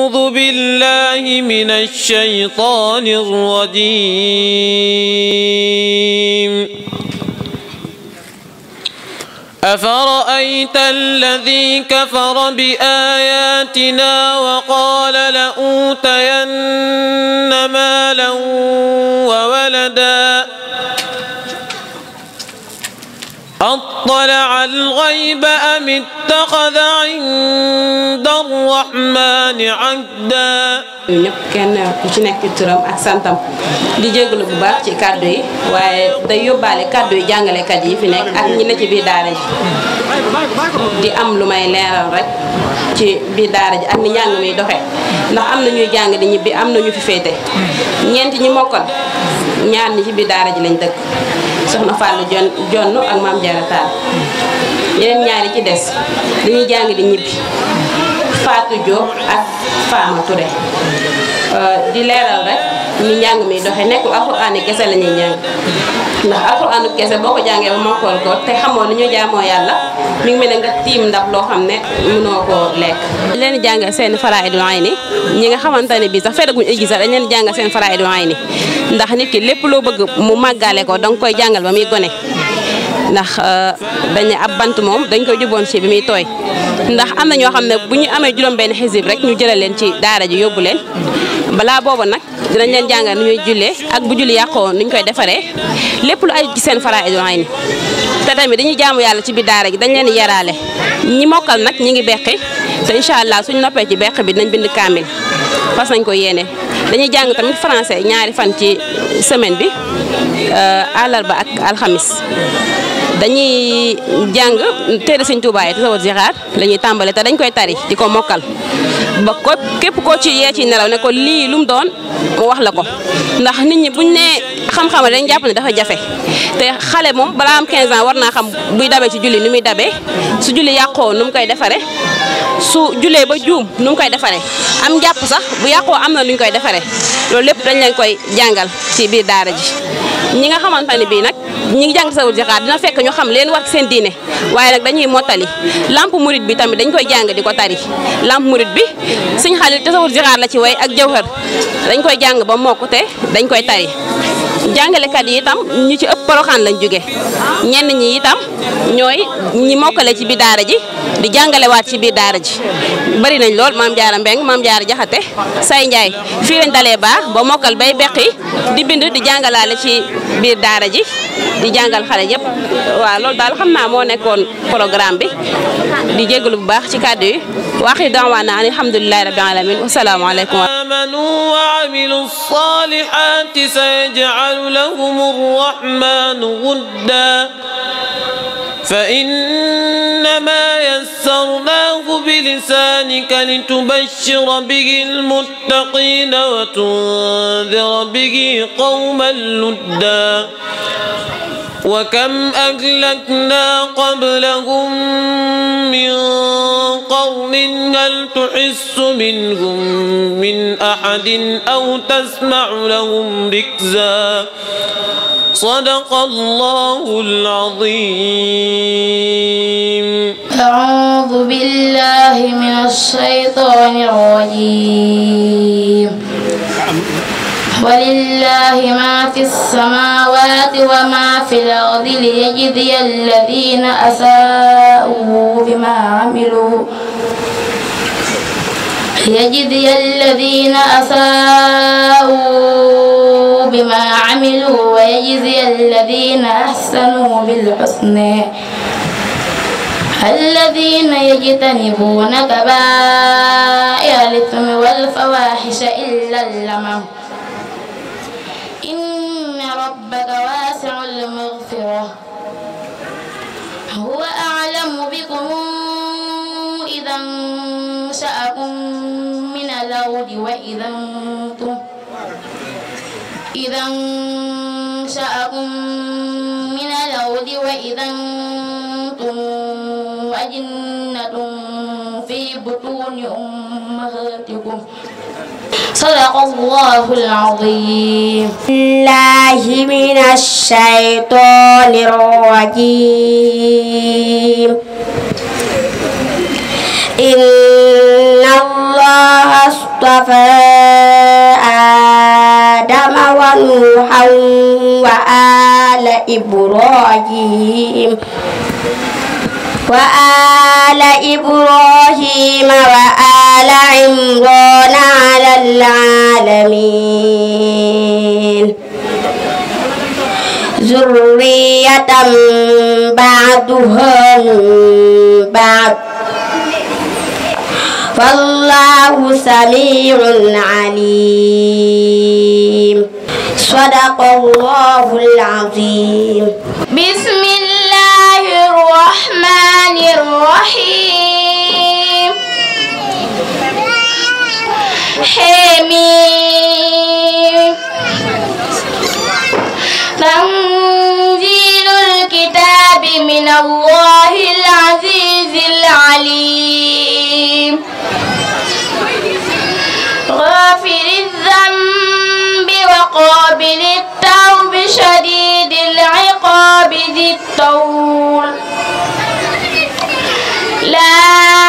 أعوذ بالله من الشيطان الرجيم أفرأيت الذي كفر بآياتنا وقال لأوتين مالا وولدا اطلع الغيب أم اتخذ عند الرحمن عهدا yooyu ñëpp kenn ku ci nekk turam ak santam di jégalu bu baax ci kàddu yi waaye day yóbbaale kàddu yi jàngalekat yi fi nekk ak ñi ne ci biir daara ji di am lu may leeral rek ci biir daara ji ak ni njàng mi doxee ndax am na ñuy jàng di ñibbi am na ñu fi féete ñeent ñi mokkal ñaar ñi ci biir daara ji lañ dëkk soxna Fallou Jon Jonn ak maam Diarra Tall yeneen ñaari ci des dañuy jàng di ñibbi Fatou Diop ak Fama ture Euh, di leeral rek ni njàng mi doxe nekkul alxuraan yi kese la ñuy njàng ndax alxuraanu kese boo ko jàngee ba mokkool ko te xamoo ni ñu jaamoo yàlla mi ngi mel ne nga tiim ndab loo xam ne mu mënoo koo lekk leen di jàngal seen faraa'idul ni ñi nga xamante ne bii sax feedaguñ igi sax dañ leen di jàngal seen faraa'idul ayni ndax nit ki lépp loo bëgg mu màggaale ko danga koy jàngal ba muy gone ndax euh, dañ ne ab bant moom dañ ko juboon ci bi muy tooy ndax am na ñoo xam ne bu ñu amee juróom-benn xisib rek ñu jëlee leen ci daara ji yóbbu leen balaa boobu nag dañ leen jàngal nu ñuy jullee ak bu julli yàqoo nu ñu koy defaree lépp lu ay ci seen faraay doy ni te tamit dañuy jaamu yàlla ci biir daara gi dañ leen yaraale ñi mokkal nag ñi ngi beqi te incha allah suñ noppee ci beq bi dinañ bind kaamil fas nañ ko yéene dañuy jàng tamit français ñaari fan ci semaine bi euh, ba ak alxamis dañuy jàng téere sëñ Tuubaa yi Tasawudu Zixaar la ñuy tàmbale te dañ koy tari di ko mokkal ba ko képp koo ci yee ci nelaw ne ko lii lu mu doon mu wax la ko ndax nit ñi buñ nee xam-xam dañ jàpp ne dafa jafe te xale moom balaa am 15 ans war naa xam buy dabee ci julli nu muy dabee su julli yàqoo nu mu koy defare su julee ba juum nu koy defaree am jàpp sax bu yàqoo am na lu ñu koy defaree loolu lépp dañ leen koy jàngal ci biir daara ji ñi nga xamante bii nag ñi ngi jàng tasawur jixaar dina fekk ñu xam leen war ci seen diine waaye nag dañuy mottali làmp murit bi tamit dañ koy jàng di ko tari làmp murit bi sëñ xaalil tasawur jixaar la ci way ak jawhar dañ koy jàng ba mokk te dañ koy tari jàngalekat yi itam ñu ci ëpp poroxaan lañ jóge ñenn ñi itam ñooy ñi mokkale ci bi daara ji di jàngalewaat ci biir daara ji bari nañ lool maam jaara mbeng maam jaara jaxate say njaay fii lañ baax ba mokkal bay beqi di bind di jàngalaale ci biir daara ji di jàngal xale yëpp wa lool daal xamna mo nekkon programme bi di jéggul bu baax ci cadre yi waaxi daawaana an alhamdullilah rabbil alamin wa wasalaamu alaykum amanu wa amilu salihati sayaj'alu lahum arrahmanu wudda فإنما يسرناه بلسانك لتبشر به المتقين وتنذر به قوما لُدًّا وكم أهلكنا قبلهم من قوم هل تحس منهم من أحد أو تسمع لهم ركزا صدق الله العظيم أعوذ بالله من الشيطان الرجيم ولله ما في السماوات وما في الأرض ليجزي الذين أساءوا بما عملوا ليجزي الذين أساءوا بما عملوا ويجزي الذين أحسنوا بالحسنى الذين يجتنبون كبائر الإثم والفواحش إلا اللمم ربك واسع المغفرة هو أعلم بكم إذا انشأكم من الأرض وإذا انتم إذا انشأكم من الأرض وإذا انتم أجنة في بطون أمهاتكم صدق الله العظيم الله من الشيطان الرجيم إن الله اصطفى آدم ونوحا وآل إبراهيم وآل إبراهيم وآل عمران على العالمين ذرية بعدها من بعد فالله سميع عليم صدق الله العظيم بسم الرحمن الرحيم حميم تنزيل الكتاب من الله العزيز العليم غافر الذنب وقابل التوب شديد العقاب ذي الطول la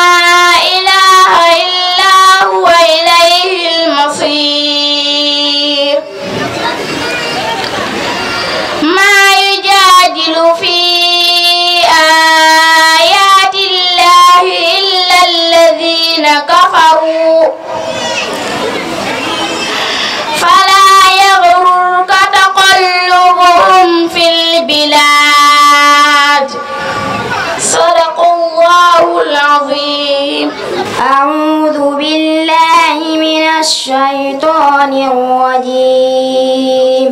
العظيم أعوذ بالله من الشيطان الرجيم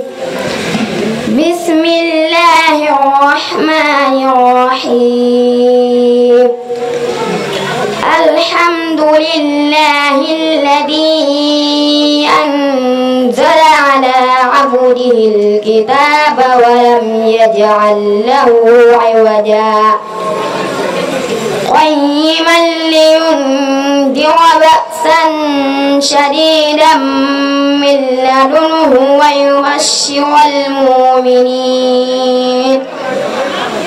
بسم الله الرحمن الرحيم الحمد لله الذي أنزل على عبده الكتاب ولم يجعل له عوجا قيما لينذر بأسا شديدا من لدنه ويبشر المؤمنين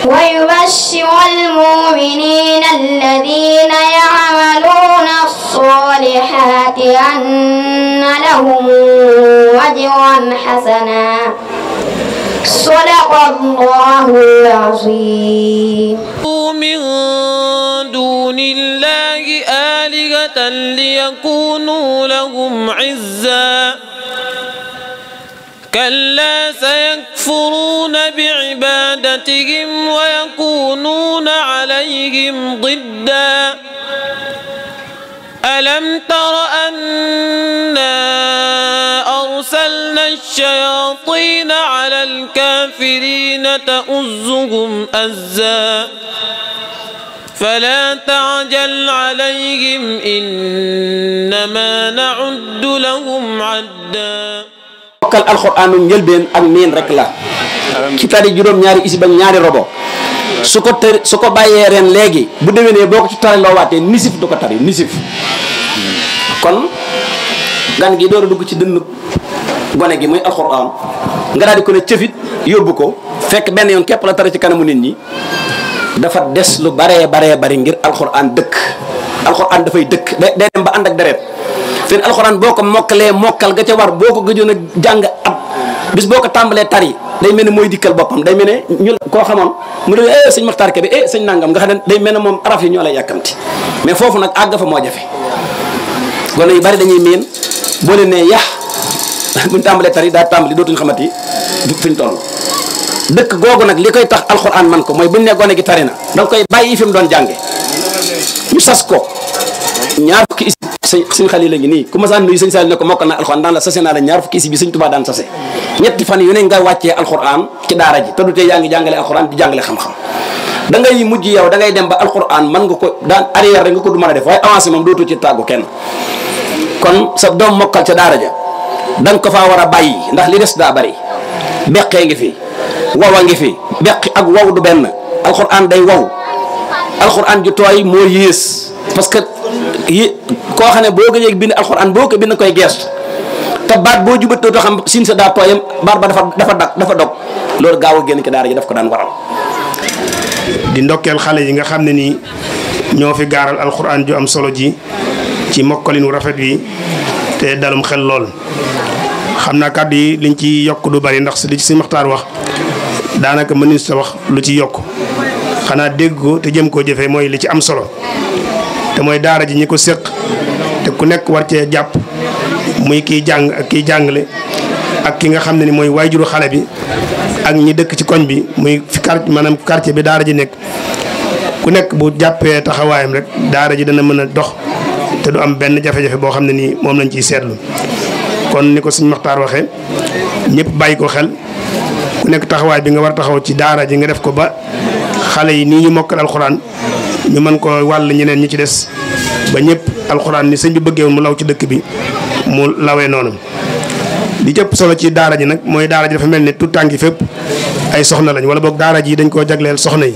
ويبشر المؤمنين الذين يعملون الصالحات أن لهم أجرا حسنا صدق الله العظيم دون الله آلهة ليكونوا لهم عزا كلا سيكفرون بعبادتهم ويكونون عليهم ضدا ألم تر أنا أرسلنا الشياطين على الكافرين تؤزهم أزا فلا تعجل عليهم إنما نعد لهم عدا njëlbeen ak neen rek la ci tari juróom-ñaari isib ñaari robo su ko tër su ko bàyyee ren léegi bu déwénee boo ko ci tari loo waatee nisif du ko tari nisif kon gan gi door a dugg ci dënn gone gi muy alxuraan nga daal ko ne cëfit yóbbu ko fekk benn yoon képp la tari ci kanamu nit ñi dafa des lu bare bare bare ngir alquran dekk alquran fay dekk day dem ba and ak deret te alquran boko mokale mokal ga ca war boko ko jang ab bis boko tambale tari day melni moy dikkel bopam day melni ñu ko xamoon mu eh sëñ Maxtaar Kebe eh seigne Nangam nga xane day melni mom moom araf yi ñoo lay yàkkamti mais fofu nak àgg fa mo jafé gone yu bari dañuy min bo le ne yah tambale tari da tambali dootuñ xamati fiñ tolong dekk gogo nak likay tax alquran man ko moy buñ ne gone gi tarina na koy bayyi fim don doon jànge ñu sas ko ñaar fukki isib sëñ sëñ Al ngi ni ku ma san nuyu seigne Saal ne ko mokkal na alquran daan la sase na la ñaar fukki isi bi seigne touba dan sasé ñet fan yu ne nga wacce alquran ci daara ji te du te yaangi ngi alquran di jàngale xam-xam da ngay mujj yow da ngay dem ba alquran man nga ko dan arrière nga ko du mëna def way avancé mom ci tagu kenn kon sa dom mokkal dan daara ja dang ko fa wara bayyi ndax li dess da bari bekké ngi fi wawa ngi fi bekk ak waw du ben alquran day waw alquran ju toy mo yees parce que ko xane bo ne ak bind alquran bo ko bind koy geestu ta baat bo jubatoo to xam sin sa da toyam bar ba dafa dafa dak dafa dog lor gaaw gën génn ci daara ji daf ko daan waral di ndokkel xale yi nga xamne ni fi garal alquran ju am solo ji ci mokkalinu rafet wi te dalum xel lol xamna naa liñ ci yok du bari ndax ci si wax daanaka mënuñ sa wax lu ci yokk xanaa dégg ko te jëm koo jëfee mooy li ci am solo te mooy daara ji ñi ko séq te ku nekk war cee jàpp muy kii jàng ak kiy jàngale ak ki nga xam ne ni mooy waajuru xale bi ak ñi dëkk ci koñ bi muy fi quartier maanaam quartier bi daara ji nekk ku nekk bu jàppee taxawaayam rek daara ji dana mën a dox te du am benn jafe-jafe boo xam ne nii moom lañ ciy seetlu kon ni ko suñ Maxtaar waxee ñëpp bàyyi ko xel ku nekk taxawaay bi nga war a taxaw ci daara ji nga def ko ba xale yi nii ñu mokkal alxuraan ñu man ko wàll ñeneen ñu ci des ba ñëpp alxuraan ni sëñ bi bëggee mu law ci dëkk bi mu lawee noonu. di jëpp solo ci daara ji nag mooy daara ji dafa mel ne tout tànk yi fépp ay soxna lañ wala boog daara ji dañ koo jagleel soxna yi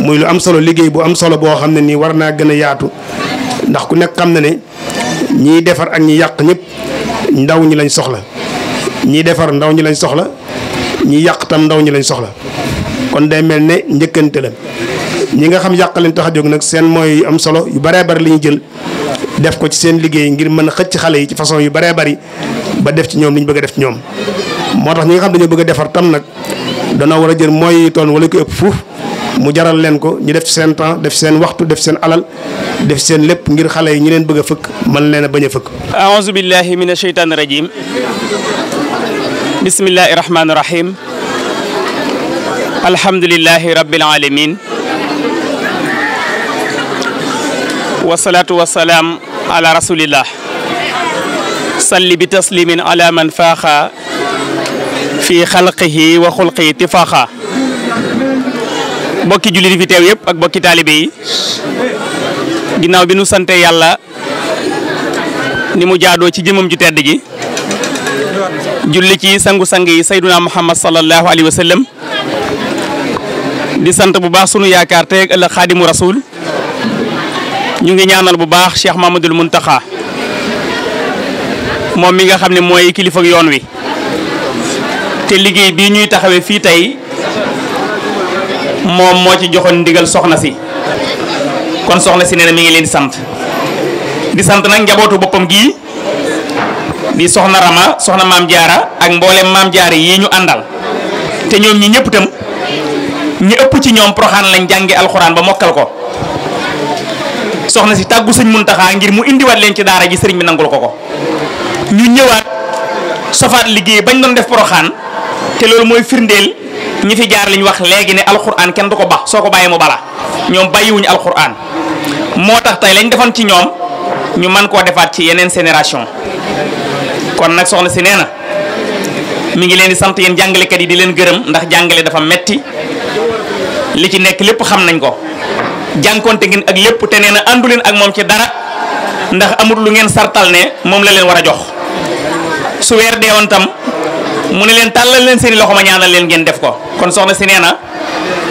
muy lu am solo liggéey bu am solo boo xam ne nii war naa gën a yaatu ndax ku nekk xam na ne ñiy defar ak ñi yàq ñëpp ndaw ñi lañ soxla ñiy defar ndaw ñi lañ soxla. ñi yàq tam ndaw ñi lañ soxla kon day mel ne njëkkante la ñi nga xam yàq leen tax a nag seen mooy am solo yu baree bari la ñu jël def ko ci seen liggéey ngir mën a xëcc xale yi ci façon yu baree bari ba def ci ñoom li ñu bëgg a def ci ñoom. moo tax ñu nga xam dañoo bëgg a defar tam nag danoo war a jël mooy toon wala ko ëpp fuuf mu jaral leen ko ñu def ci seen temps def seen waxtu def seen alal def seen lépp ngir xale yi ñu leen bëgg a fëkk mën leen bañ a fëkk. a'uuzu bismillahi rahmaani rahim alhamdulilahi rabbil alamin wasalaatu wasalaam ala rasulillah salli bi taslimin ala man faaxa fi xalqihi wa xulqihi tifaaxa bokki jullit fi teew yëpp ak bokki taalibe yi ginnaaw bi nu sante yàlla ni mu jaadoo ci jëmam ju tedd ji julli ci sangu sangi sayyiduna muhammad sallallahu alaihi wasallam di sante bu baax sunu yaakar te ëllëg khadim rasul ñu ngi ñaanal bu baax cheikh mamadou muntaha mom mi nga xamne moy kilifa ak yoon wi te liggey bi ñuy taxawé fi tay mom mo ci ndigal soxna si kon soxna si neena mi ngi leen di sant di sante nak njabootu bopam gi di soxna Rama soxna Mamjara, jaara ak Mamjari, mam jaari yi ñu andal te ñom ñi ñepp tam ñi ëpp ci ñom proxaan lañ jàngé alcorane ba mokal ko soxna si taggu señ muntaha ngir mu wat leen ci daara ji señ bi nangul ko ko ñu ñëwaat sofaat liggéey bañ doon def proxaan te lool moy firndel ñi fi jaar liñ wax légui né alcorane kenn du ko bax soko bayé mu bala ñom bàyyiwuñu alxuraan alcorane motax tay lañ defon ci ñom ñu man ko defaat ci yenen génération kon nak soxna ci neena na mi ngi leen di yeen kadi kat yi di leen geureum ndax jangale dafa metti li ci nek lepp xam nañ ko jànkonte ngeen ak lepp te neena andu ak mom ci dara ndax amul lu ngeen sartal ne mom la leen wara jox su de won tam mu ne leen talal leen seen loxuma ñaanal leen ngeen def ko kon soxna ci neena na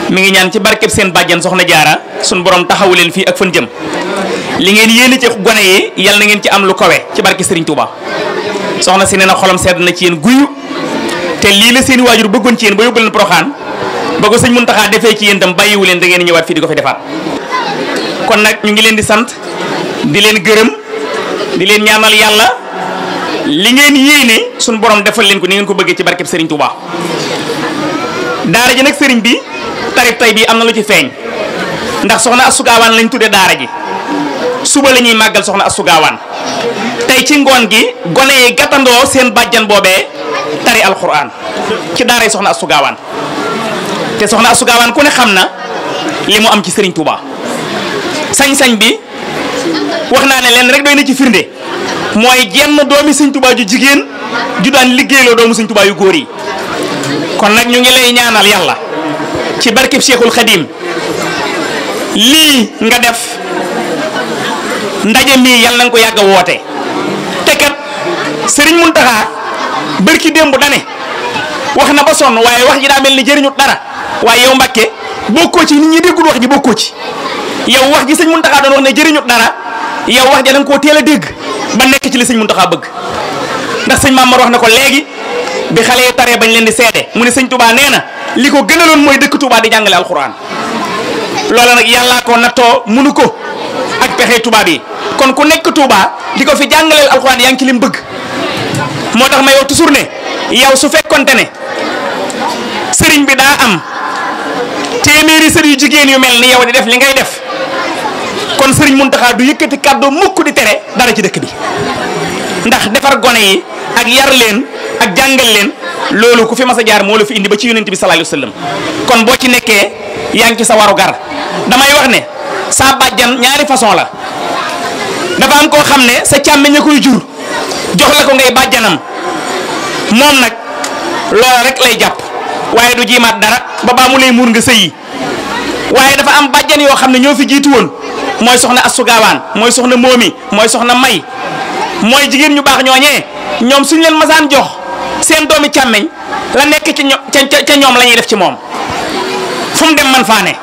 mi ngi ñaan ci barkeb seen bajjan soxna jaara sun borom taxawu leen fi ak fuñ jëm li ngeen yéene ci gone yi yalla ngeen ci am lu ci barke Serigne Touba soxna si na xolam sedd na ci yeen guyu te li la seen wajur bëggoon ci yeen ba yobul na proxan ba ko seigne muntaha defee ci yeen tam bàyyiwu len da ngeen ñëwaat fi di ko fi defaat kon nak ñu ngi len di sante di len gëreem di len ñaanal yalla li ngeen yéene suñu borom defal len ko ni ngeen ko bëgge ci Serigne Touba daara ji nak Serigne bi tarif tay bi amna lu ci feñ ndax soxna asugawan lañ tuddé daara ji suba lañuy magal soxna asugawan tey ci ngoon gi gone yi gàttandoo seen bàjjan boobee tari alquran ci daaray soxna Astou Gawane te soxna Astou Gawane ku ne xam na li mu am ci Serigne Touba sañ-sañ bi wax naa ne leen rek doy na ci firnde mooy jenn doomi Serigne Touba ju jigéen ju daan liggéeyloo doomu Serigne Touba yu góor yi kon nag ñu ngi lay ñaanal yàlla ci barkeb Cheikhul Khadim lii nga def ndaje mii yàlla na nga ko yàgg woote. sëriñ Muntaxa bërki démb dane wax na ba sonn waaye wax ji daa mel ni jëriñut dara waaye yow Mbàkke bokkoo ci nit ñi déggul wax ji bokkoo ci yow wax ji sëñ Muntaxa doon wax ne jëriñut dara yow wax ja da nga koo teel a dégg ba nekk ci li sëñ Muntaxa bëgg ndax sëñ Mamar wax na ko léegi bi xale yi taree bañ leen di seede mu ne sëñ Touba nee na li ko gënaloon mooy dëkk Touba di jàngale alxuraan loola nag yàllaa ko nattoo munu ko ak pexe Touba yi kon ku nekk Touba di ko fi jàngaleel alxuraan yaa ngi ci lim bëgg. moo tax may wax toujours ne yow su fekkonte ne sëriñ bi daa am téeméeri sër yu jigéen yu mel ni yow di def li ngay def kon sëriñ Muntaxa du yëkkati kàddu mukk di tere dara ci dëkk bi ndax defar gone yi ak yar leen ak jàngal leen loolu ku fi mas a jaar moo la fi indi ba ci yonent bi sallallahu alayhi wasallam kon boo ci nekkee yaa ngi ci sa waru gar damay wax ne sa bàjjan ñaari façon la dafa am koo xam ne sa càmmiñ koy jur jox la ko ngay bàjjanam moom nag loola rek lay jàpp waaye du jiimaat dara ba baa mu lay muur nga sëyi waaye dafa am bàjjan yoo xam ne ñoo fi jiitu mooy soxna Astou mooy soxna Momi mooy soxna May mooy jigéen ñu baax ñooñee ñoom suñ leen masaan jox seen doomi càmmeñ la nekk ca ñoom ca ñoom la def ci moom fu mu dem man faa ne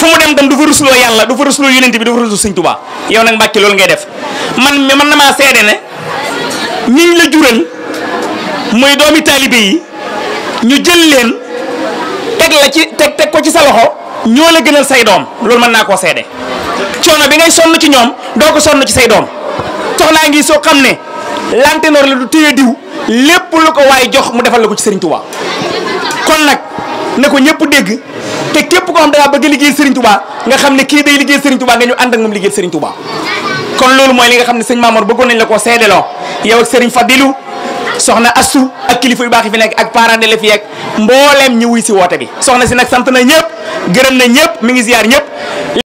fu mu dem dem du fa rusloo yàlla du fa rusloo yonent bi du fa rusloo sëñ Tuubaa yow nag mbàkki loolu ngay def man mi man na maa seede ne ñiñ la jural mooy doomi taalibe yi ñu jël leen teg la ci teg teg ko ci sa loxo ñoo la gënal say doom loolu mën naa koo seede coono bi ngay sonn ci ñoom doo ko sonn ci say doom tox soxnaa ngi soo xam ne lantenoor la du téye diw lépp lu ko waaye jox mu defal la ko ci sëriñ Tuubaa kon nag ne ko ñëpp dégg te képp koo xam da ngaa bëgg liggéey Serigne Touba nga xam ne kii day liggéey Serigne Touba nga ñu ànd ak moom liggéey Serigne Touba kon loolu mooy li nga xam ne sëñ Mamour bëggoon nañ la koo seedeloo yow ak Serigne Fadilou soxna Assou ak kilifa yu baax yi fi nekk ak parents d'élèves yi ak mbooleem ñi wuy si woote bi soxna si nag sant na ñëpp gërëm na ñëpp mi ngi ziar ñëpp